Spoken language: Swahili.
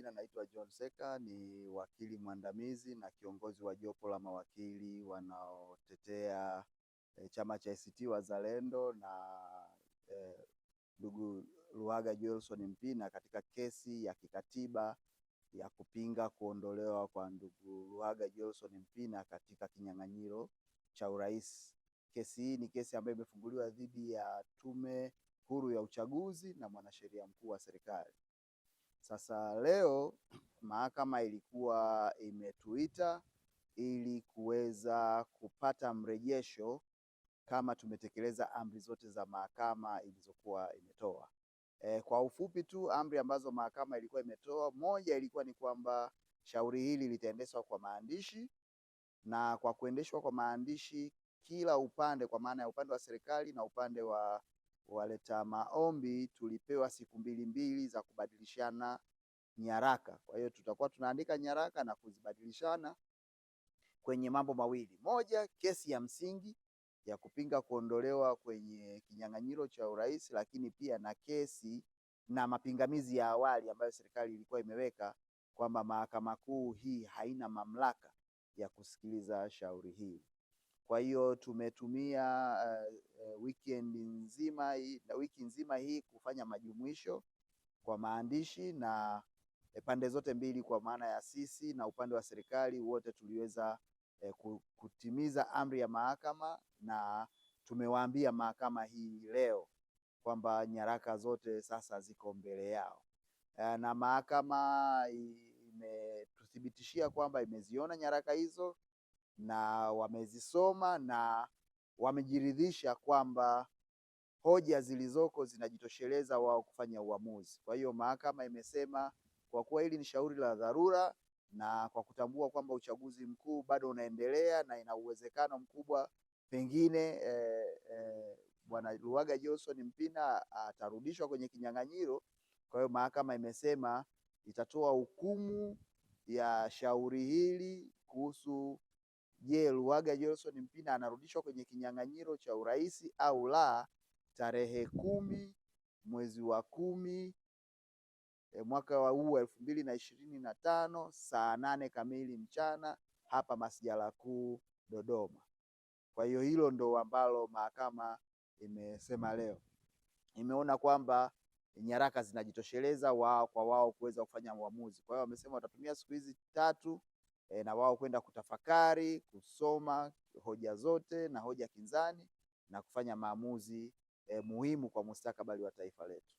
majina naitwa John Seka, ni wakili mwandamizi na kiongozi wa jopo la mawakili wanaotetea e, chama cha ACT Wazalendo na eh, ndugu e, Luhaga Mpina katika kesi ya kikatiba ya kupinga kuondolewa kwa ndugu Luhaga Johnson Mpina katika kinyang'anyiro cha urais. Kesi hii ni kesi ambayo imefunguliwa dhidi ya Tume Huru ya Uchaguzi na mwanasheria mkuu wa serikali. Sasa leo mahakama ilikuwa imetuita ili kuweza kupata mrejesho kama tumetekeleza amri zote za mahakama ilizokuwa imetoa. E, kwa ufupi tu amri ambazo mahakama ilikuwa imetoa, moja ilikuwa ni kwamba shauri hili litaendeshwa kwa maandishi, na kwa kuendeshwa kwa maandishi, kila upande kwa maana ya upande wa serikali na upande wa waleta maombi tulipewa siku mbili mbili za kubadilishana nyaraka. Kwa hiyo tutakuwa tunaandika nyaraka na kuzibadilishana kwenye mambo mawili: moja, kesi ya msingi ya kupinga kuondolewa kwenye kinyang'anyiro cha urais, lakini pia na kesi na mapingamizi ya awali ambayo serikali ilikuwa imeweka kwamba mahakama kuu hii haina mamlaka ya kusikiliza shauri hili. Kwa hiyo tumetumia uh, weekend nzima hii na wiki nzima hii kufanya majumuisho kwa maandishi na eh, pande zote mbili, kwa maana ya sisi na upande wa serikali, wote tuliweza eh, kutimiza amri ya mahakama, na tumewaambia mahakama hii leo kwamba nyaraka zote sasa ziko mbele yao, na mahakama imetuthibitishia kwamba imeziona nyaraka hizo na wamezisoma na wamejiridhisha kwamba hoja zilizoko zinajitosheleza wao kufanya uamuzi. Kwa hiyo mahakama imesema kwa kuwa hili ni shauri la dharura na kwa kutambua kwamba uchaguzi mkuu bado unaendelea na ina uwezekano mkubwa pengine eh, eh, Bwana Luhaga Johnson Mpina atarudishwa kwenye kinyang'anyiro. Kwa hiyo mahakama imesema itatoa hukumu ya shauri hili kuhusu Je, Luhaga Johnson Mpina anarudishwa kwenye kinyang'anyiro cha urais au la tarehe kumi mwezi wa kumi e, mwaka wa huu elfu mbili na ishirini na tano saa nane kamili mchana hapa Masjala Kuu Dodoma. Kwa hiyo hilo ndo ambalo mahakama imesema leo, imeona kwamba nyaraka zinajitosheleza wao kwa wao kuweza kufanya uamuzi. Kwa hiyo wamesema watatumia siku hizi tatu e, na wao kwenda kutafakari kusoma hoja zote na hoja kinzani na kufanya maamuzi e, muhimu kwa mustakabali wa taifa letu.